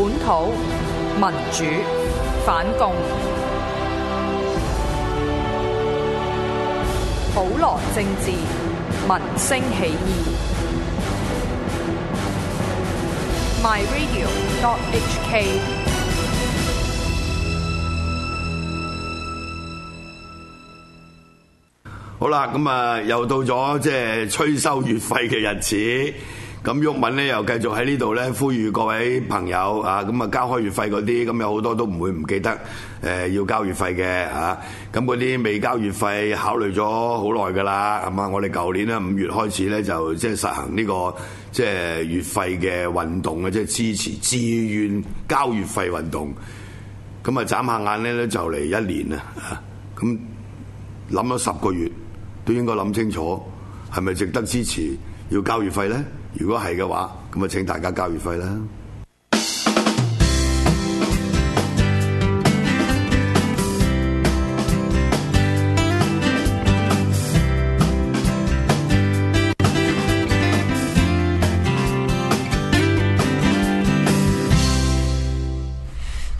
本土民主反共，普羅政治，民聲起義。My Radio. dot H K。 好啦，咁啊，又到咗即係催收月費嘅日子。咁毓民咧又繼續喺呢度咧，呼籲各位朋友啊，咁、嗯、啊交開月費嗰啲，咁、嗯、有好多都唔會唔記得，誒要交月費嘅吓。咁嗰啲未交月費，考慮咗好耐噶啦。咁、嗯、啊，我哋舊年咧五月開始咧，就即係實行呢、這個即係、就是、月費嘅運動啊，即、就、係、是、支持志願交月費運動。咁、嗯、啊，眨下眼咧咧就嚟一年啦。咁諗咗十個月，都應該諗清楚，係咪值得支持要交月費咧？如果係嘅話，咁啊，請大家交月費啦！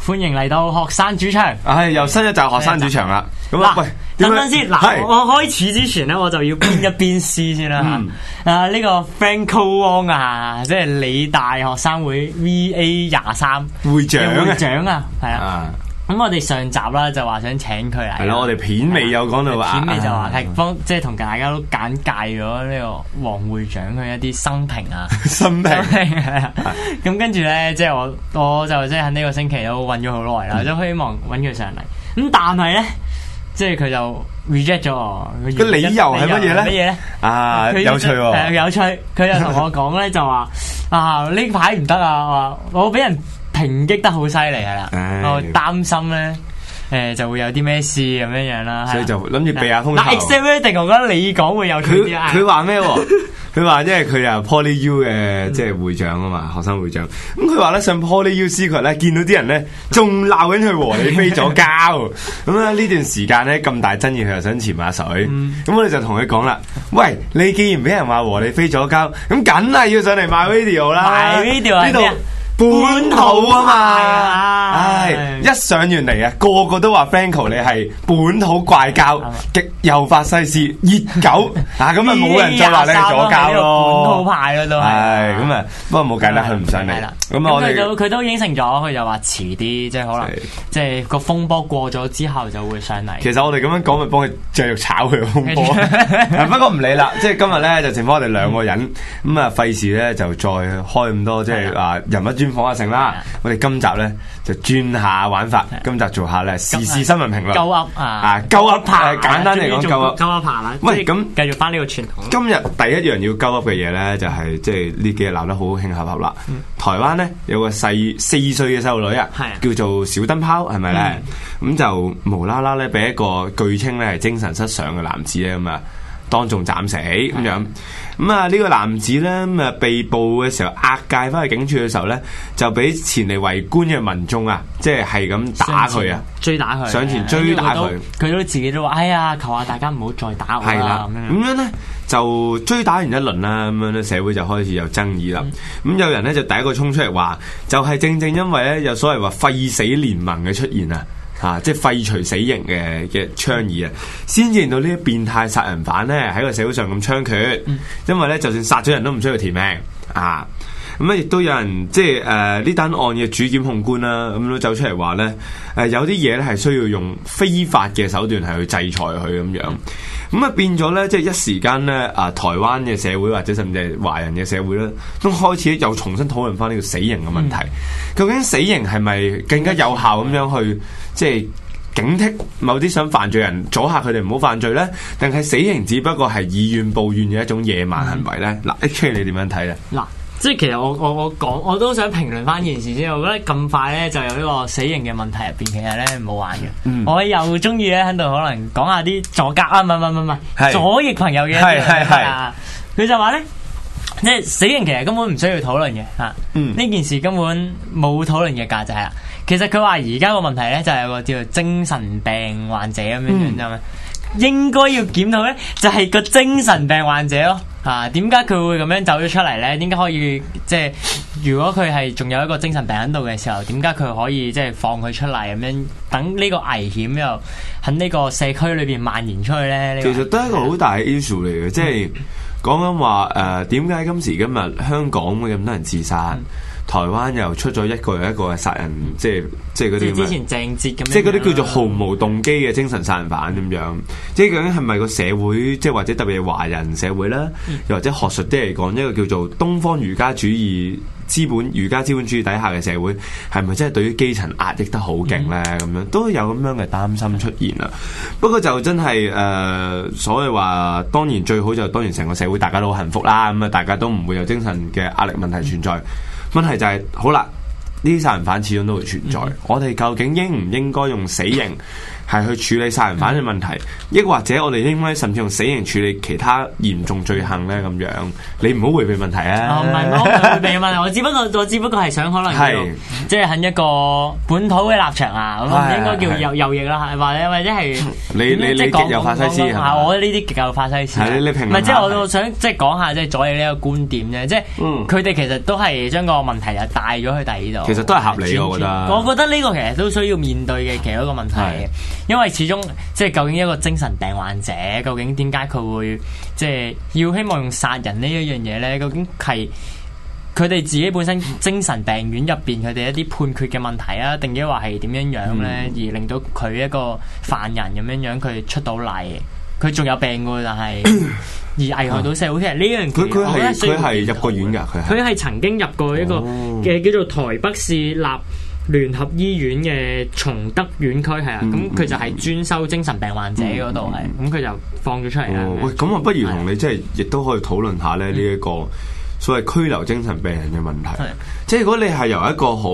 歡迎嚟到學生主場，唉、哎，又新一集學生主場啦！咁啊，喂。等等先，嗱，是我開始之前咧，我就要邊一邊試先啦嚇。嗯、啊，呢、這個 Frank call on 啊，即係理大學生會 V A 廿三會長啊，會長啊，係啊。咁、啊、我哋上集啦就話想請佢嚟，係咯、啊。我哋片尾有講到話、啊，片尾就話係幫即係同大家都簡介咗呢個王會長佢一啲生平啊，生平 啊。咁、啊、跟住咧，即係我我就即係喺呢個星期都揾咗好耐啦，都希望揾佢上嚟。咁但係咧。即係佢就 reject 咗，個理由係乜嘢？咧？啊，就有趣喎、哦嗯！有趣。佢又同我講咧，就話啊呢排唔得啊，我我俾人抨擊得好犀利係啦，哎、我擔心咧，誒、欸、就會有啲咩事咁樣樣啦。所以就諗住避下風頭。但 excepting 我覺得你講會有趣啲，佢話咩？ 佢話，因為佢又係 Poly U 嘅即係會長啊嘛，嗯、學生會長。咁佢話咧上 Poly U Secret 咧，見到啲人咧仲鬧緊佢和你飛咗膠。咁咧呢段時間咧咁大爭議，佢又想潛下水。咁、嗯、我哋就同佢講啦：，喂，你既然俾人話和你飛咗膠，咁梗係要上嚟賣 video 啦。賣買 video 係咩啊？本土啊嘛，唉，一上完嚟啊，個個都話 Franco 你係本土怪膠，極右法西斯熱狗，啊咁啊冇人再話你係左膠咯，本土派咯都係，咁啊不過冇計啦，佢唔上嚟，咁我哋佢都應承咗，佢又話遲啲，即係可能，即係個風波過咗之後就會上嚟。其實我哋咁樣講咪幫佢繼續炒佢嘅風波，不過唔理啦，即係今日咧就剩翻我哋兩個人，咁啊費事咧就再開咁多，即係話人物專。講下成啦，我哋今集咧就轉下玩法，今集做下咧時事新聞評論。勾噏啊！啊勾噏派，簡單嚟講，勾噏勾噏派啦。喂，咁繼續翻呢個傳統。今日第一樣要勾噏嘅嘢咧，就係即係呢幾日鬧得好興洽洽啦。台灣咧有個細四歲嘅少女啊，叫做小燈泡，係咪咧？咁就無啦啦咧，俾一個據稱咧係精神失常嘅男子咧咁啊，當眾斬死咁樣。咁啊，呢個男子咧咁啊被捕嘅時候，押解翻去警署嘅時候咧，就俾前嚟圍觀嘅民眾啊，即係係咁打佢啊，追打佢，上前追打佢，佢都,都自己都話：哎呀，求下大家唔好再打我啦。咁的、嗯、樣咧就追打完一輪啦，咁樣咧社會就開始有爭議啦。咁、嗯、有人咧就第一個衝出嚟話，就係、是、正正因為咧有所謂話廢死聯盟嘅出現啊。啊，即係廢除死刑嘅嘅倡議啊，先至令到呢啲變態殺人犯咧喺個社會上咁猖獗，因為咧就算殺咗人都唔需要填命啊。咁亦都有人即係誒，呢單案嘅主檢控官啦、啊，咁都走出嚟話呢，誒、呃，有啲嘢咧係需要用非法嘅手段係去制裁佢咁樣，咁啊變咗呢，即係一時間呢，啊、呃，台灣嘅社會或者甚至係華人嘅社會咧，都開始又重新討論翻呢個死刑嘅問題。究竟死刑係咪更加有效咁樣去即係警惕某啲想犯罪人阻嚇佢哋唔好犯罪呢？定係死刑只不過係以怨報怨嘅一種野蠻行為呢？嗱，H 你點樣睇呢？嗱。即係其實我我我講，我都想評論翻呢件事先。我覺得咁快咧，就有呢個死刑嘅問題入邊，其實咧冇玩嘅。嗯、我又中意咧喺度可能講下啲左夾啊，唔係唔係唔係，是 左翼朋友嘅。係係係。佢、啊、就話咧，即係死刑其實根本唔需要討論嘅。吓、啊，呢、嗯、件事根本冇討論嘅價值。係啊，其實佢話而家個問題咧就係、是、個叫做精神病患者咁樣樣啫。嗯、應該要檢討咧，就係、是、個精神病患者咯。啊！點解佢會咁樣走咗出嚟咧？點解可以即係如果佢係仲有一個精神病喺度嘅時候，點解佢可以即係放佢出嚟咁樣等呢個危險又喺呢個社區裏邊蔓延出去咧？其實都係一個好大嘅 issue 嚟嘅， 即係講緊話誒點解今時今日香港會咁多人自殺？ 台灣又出咗一個又一個嘅殺人，即係即係啲，即係之前鄭捷咁，即係嗰啲叫做毫無動機嘅精神殺人犯咁樣。即係究竟係咪個社會，即係或者特別係華人社會啦？嗯、又或者學術啲嚟講，一個叫做東方儒家主義資本儒家資本主義底下嘅社會，係咪真係對於基層壓抑得好勁呢？咁、嗯、樣都有咁樣嘅擔心出現啦。嗯、不過就真係誒、呃，所以話當然最好就當然成個社會大家都好幸福啦。咁啊，大家都唔會有精神嘅壓力問題存在。嗯問題就係、是、好啦。呢啲殺人犯始終都會存在。我哋究竟應唔應該用死刑係去處理殺人犯嘅問題，抑或者我哋應該甚至用死刑處理其他嚴重罪行咧？咁樣你唔好回避問題啊！唔係唔好回避問題，我只不過我只不過係想可能係即係喺一個本土嘅立場啊，咁應該叫右右翼啦，或者或者係你你你極右法西斯係我呢啲極右法西斯。係你平評即係我想即係講下即係左翼呢個觀點咧，即係佢哋其實都係將個問題啊帶咗去第二度。其實都係合理嘅，轉轉我覺得。呢個其實都需要面對嘅其中一個問題，是的 因為始終即係究竟一個精神病患者，究竟點解佢會即係要希望用殺人呢一樣嘢呢？究竟係佢哋自己本身精神病院入邊佢哋一啲判決嘅問題啊，定抑或係點樣樣呢？嗯、而令到佢一個犯人咁樣樣佢出到嚟。佢仲有病嘅，但係而危害到社會人呢樣，佢佢係佢係入過院噶。佢佢係曾經入過一個嘅叫做台北市立聯合醫院嘅松德院區，係啊，咁佢就係專收精神病患者嗰度，係咁佢就放咗出嚟啦。喂，咁我不如同你即係亦都可以討論下咧呢一個所謂拘留精神病人嘅問題，的即係如果你係由一個好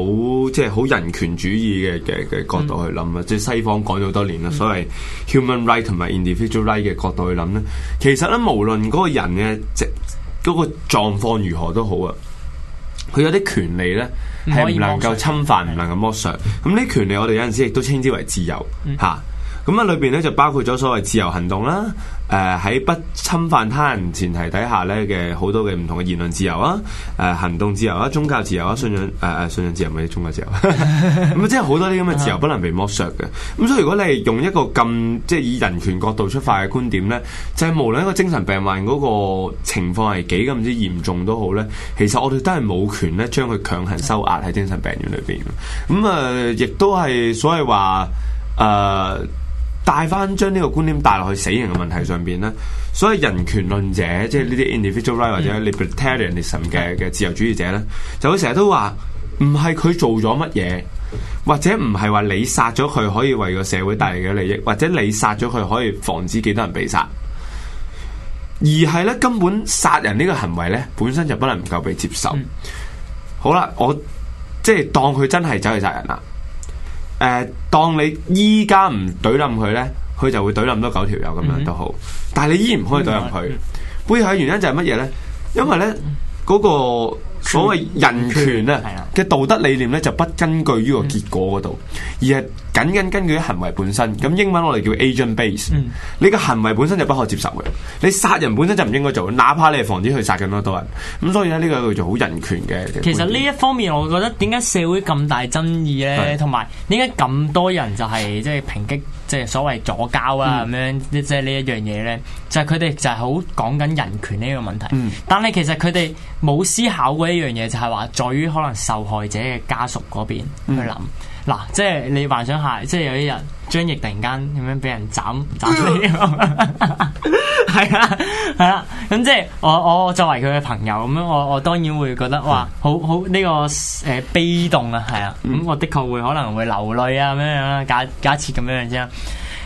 即係好人權主義嘅嘅嘅角度去諗啊，嗯、即係西方講咗好多年啦，嗯、所謂 human right 同埋 individual right 嘅角度去諗咧，其實咧無論嗰個人嘅即係嗰個狀況如何都好啊，佢有啲權利咧係唔能夠侵犯，唔能夠剝削。咁呢的權利我哋有陣時亦都稱之為自由嚇。嗯咁啊，裏邊咧就包括咗所謂自由行動啦，誒、uh, 喺不侵犯他人前提底下咧嘅好多嘅唔同嘅言論自由啊，誒、uh, 行動自由啊，宗教自由啊，信仰誒誒、uh, 信仰自由或者宗教自由，咁即係好多啲咁嘅自由不能被剝削嘅。咁、 嗯嗯、所以如果你係用一個咁即係以人權角度出發嘅觀點咧，就係、是、無論一個精神病患嗰個情況係幾咁之嚴重都好咧，其實我哋都係冇權咧將佢強行收押喺精神病院裏邊。咁啊、嗯，亦都係所謂話誒。嗯嗯嗯嗯嗯帶翻將呢個觀點帶落去死刑嘅問題上邊咧，所謂人權論者即係呢啲 individual right 或者 libertarianism 嘅嘅自由主義者咧，就會成日都話唔係佢做咗乜嘢，或者唔係話你殺咗佢可以為個社會帶嚟嘅利益，或者你殺咗佢可以防止幾多人被殺，而係咧根本殺人呢個行為咧本身就不能夠被接受。好啦，我即係當佢真係走去殺人啦。誒，當你依家唔懟冧佢呢，佢就會懟冧多九條友咁樣都好。嗯、哼但係你依然唔可以懟冧佢，嗯、哼背後嘅原因就係乜嘢呢？因為呢、那、嗰個。所謂人權啊嘅道德理念咧，就不根據於個結果嗰度，嗯、而係緊緊根據行為本身。咁、嗯、英文我哋叫 agent base、嗯。你個行為本身就不可接受嘅，你殺人本身就唔應該做，哪怕你係防止佢殺咁多多人。咁所以咧，呢個叫做好人權嘅。其實呢一方面，我覺得點解社會咁大爭議咧，同埋點解咁多人就係即係抨擊即係、就是、所謂左膠啊咁、嗯、樣，即係呢一樣嘢咧，就係佢哋就係、是、好講緊人權呢個問題。嗯、但係其實佢哋冇思考過。呢樣嘢就係話，在於可能受害者嘅家屬嗰邊去諗，嗱、嗯啊，即係你幻想下，即係有啲人張翼突然間咁樣俾人斬斬死，係啊係啊，咁、啊啊、即係我我作為佢嘅朋友，咁樣我我當然會覺得哇，好好呢、這個誒、呃、悲動啊，係、嗯、啊，咁、嗯、我的確會可能會流淚啊，咩樣啊，假假設咁樣樣啫，咁、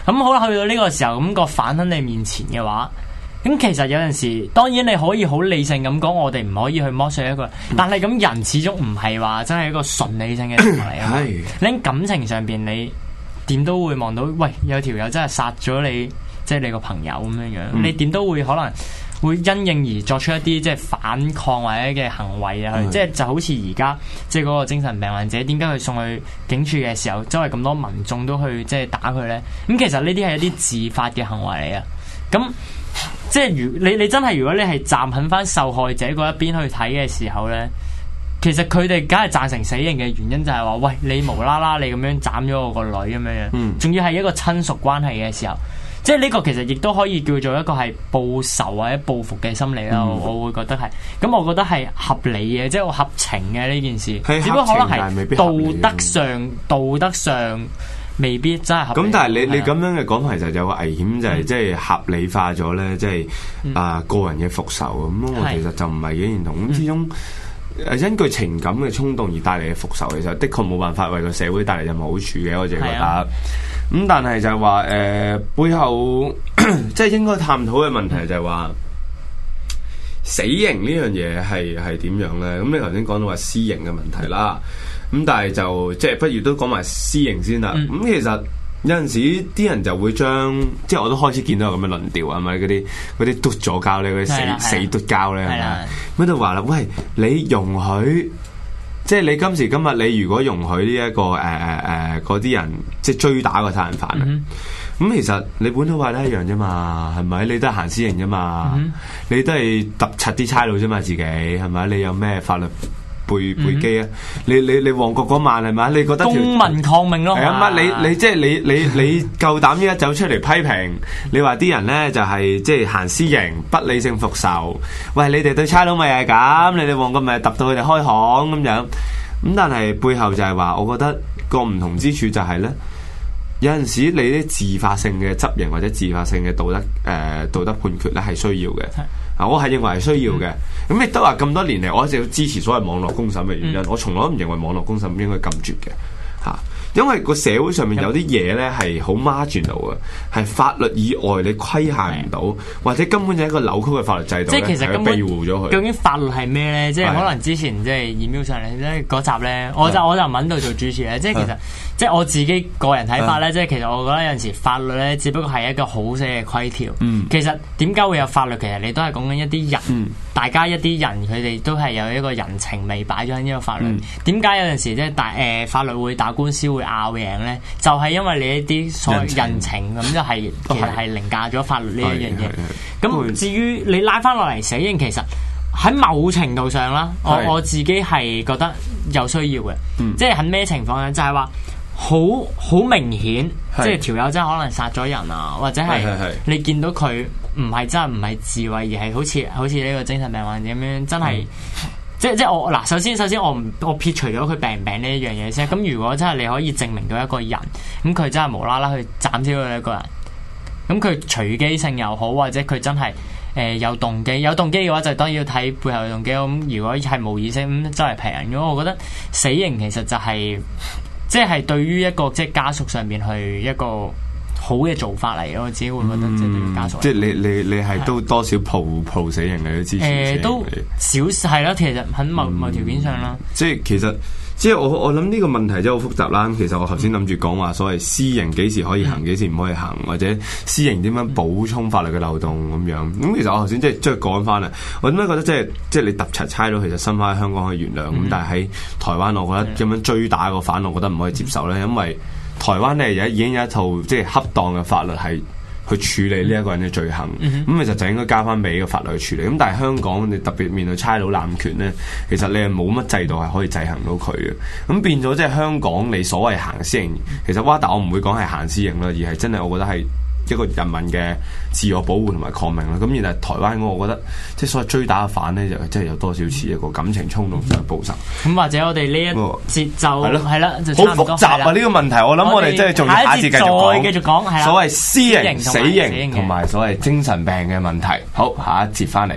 嗯、好啦，去到呢個時候，咁、那個反喺你面前嘅話。咁其實有陣時，當然你可以好理性咁講，我哋唔可以去剝削一個人。但係咁人始終唔係話真係一個純理性嘅動物嚟啊！喺 感情上邊，你點都會望到，喂，有條友真係殺咗你，即係你個朋友咁樣樣，嗯、你點都會可能會因應而作出一啲即係反抗或者嘅行為啊！去，即係就好似而家即係嗰個精神病患者，點解佢送去警署嘅時候，周圍咁多民眾都去即係打佢咧？咁其實呢啲係一啲自發嘅行為啊！咁。即係如你，你真係如果你係站喺翻受害者嗰一邊去睇嘅時候呢，其實佢哋梗係贊成死刑嘅原因就係話，喂，你無啦啦你咁樣斬咗我個女咁樣，嗯，仲要係一個親屬關係嘅時候，即係呢個其實亦都可以叫做一個係報仇或者報復嘅心理啦，嗯，我會覺得係，咁我覺得係合理嘅，即係合情嘅呢件事，合只不過可能係道、道德上，道德上。未必真係咁，但係你你咁樣嘅講法，其實就有個危險，就係即係合理化咗咧，即係啊個人嘅復仇咁、嗯、我其實就唔係好認同，嗯、始終根據情感嘅衝動而帶嚟嘅復仇，其實的確冇辦法為個社會帶嚟任何好處嘅。嗯、我哋覺得咁，嗯、但係就係話誒背後即係、就是、應該探討嘅問題就係話死刑呢樣嘢係係點樣咧？咁、嗯、你頭先講到話私刑嘅問題啦。咁但係就即係不如都講埋私刑先啦。咁、嗯、其實有陣時啲人就會將，即係我都開始見到有咁嘅論調，係咪嗰啲嗰啲咄咗膠咧，啲死了死咄膠咧，係咪？咁了就話啦，喂，你容許，即係你今時今日你如果容許呢一個誒誒誒嗰啲人即係追打個殺人犯，咁、嗯、哼其實你本土派都一樣啫嘛，係咪？你都行私刑啫嘛，你都係揼、嗯、哼拆啲差佬啫嘛，自己係咪？你有咩法律？背背機啊、嗯！你你你旺角嗰晚係咪？你覺得公民抗命咯？係啊嘛！你你即係你你你夠膽依家走出嚟批評？ 你話啲人咧就係即係行私刑、不理性復仇。喂！你哋對差佬咪係咁？你哋旺角咪係揼到佢哋開行咁樣？咁但係背後就係話，我覺得個唔同之處就係咧，有陣時你啲自發性嘅執刑或者自發性嘅道德誒、呃、道德判決咧係需要嘅。啊，我係認為係需要嘅，咁亦都話咁多年嚟，我一直要支持所謂網絡公審嘅原因，嗯、我從來唔認為網絡公審應該禁絕嘅，嚇。因為個社會上面有啲嘢咧係好 margin 到嘅，係法律以外你規限唔到，的或者根本就係一個扭曲嘅法律制度，即係其實庇護咗佢。究竟法律係咩咧？的即係可能之前即係 email 上嚟咧，嗰集咧，我就我就揾到做主持咧。即係其實的即係我自己個人睇法咧，的即係其實我覺得有陣時法律咧只不過係一個好細嘅規條。嗯，其實點解會有法律？其實你都係講緊一啲人。嗯嗯大家一啲人佢哋都係有一個人情未擺咗喺呢個法律，點解、嗯、有陣時即係大誒法律會打官司會拗贏咧？就係、是、因為你一啲所謂人情咁，情就係都係係凌駕咗法律呢一樣嘢。咁至於你拉翻落嚟死刑，其實喺某程度上啦，我是我自己係覺得有需要嘅，嗯、即係喺咩情況咧？就係話好好明顯，即係條友真係可能殺咗人啊，或者係你見到佢。唔係真係唔係智慧，而係好似好似呢個精神病患者咁樣，真係、嗯、即即我嗱，首先首先我唔我撇除咗佢病唔病呢一樣嘢先。咁如果真係你可以證明到一個人，咁佢真係無啦啦去斬斬佢一個人，咁佢隨機性又好，或者佢真係誒有動機，有動機嘅話就當然要睇背後嘅動機。咁如果係無意識咁，真係平，如果我覺得死刑其實就係即係對於一個即係、就係、家屬上面去一個。好嘅做法嚟囉，我自己會覺得即係家屬。即係你你你係都多少抱的抱死刑嘅支持者。誒、呃，都少係啦。其實喺某個、嗯、條件上啦。即係其實即係我我諗呢個問題真係好複雜啦。其實我頭先諗住講話，所謂私刑幾時可以行，幾時唔可以行，或者私刑點樣補充法律嘅漏洞咁樣。咁其實我頭先即係再講翻啦。我點解覺得即係即係你突查差佬，其實伸翻香港可以原諒咁，但係喺台灣，我覺得咁樣追打個反，我覺得唔可以接受咧，因為。台灣咧而家已經有一套即係、就是、恰當嘅法律係去處理呢一個人嘅罪行，咁、嗯、哼其實就應該交翻俾個法律去處理。咁但係香港你特別面對差佬濫權咧，其實你係冇乜制度係可以制衡到佢嘅。咁變咗即係香港你所謂行私刑，其實哇，但我唔會講係行私刑啦，而係真係我覺得係，一個人民嘅自我保護同埋抗命啦，咁而係台灣我覺得即係所謂追打犯咧，就真係有多少似一個感情衝動想報仇。咁、嗯、或者我哋呢一個節奏係咯，係啦、那個，就差唔多，好了複雜啊呢個問題，了我諗我哋即係仲要下次繼續講。繼續了所謂私刑、私私死刑同埋所謂精神病嘅問題，好下一節翻嚟。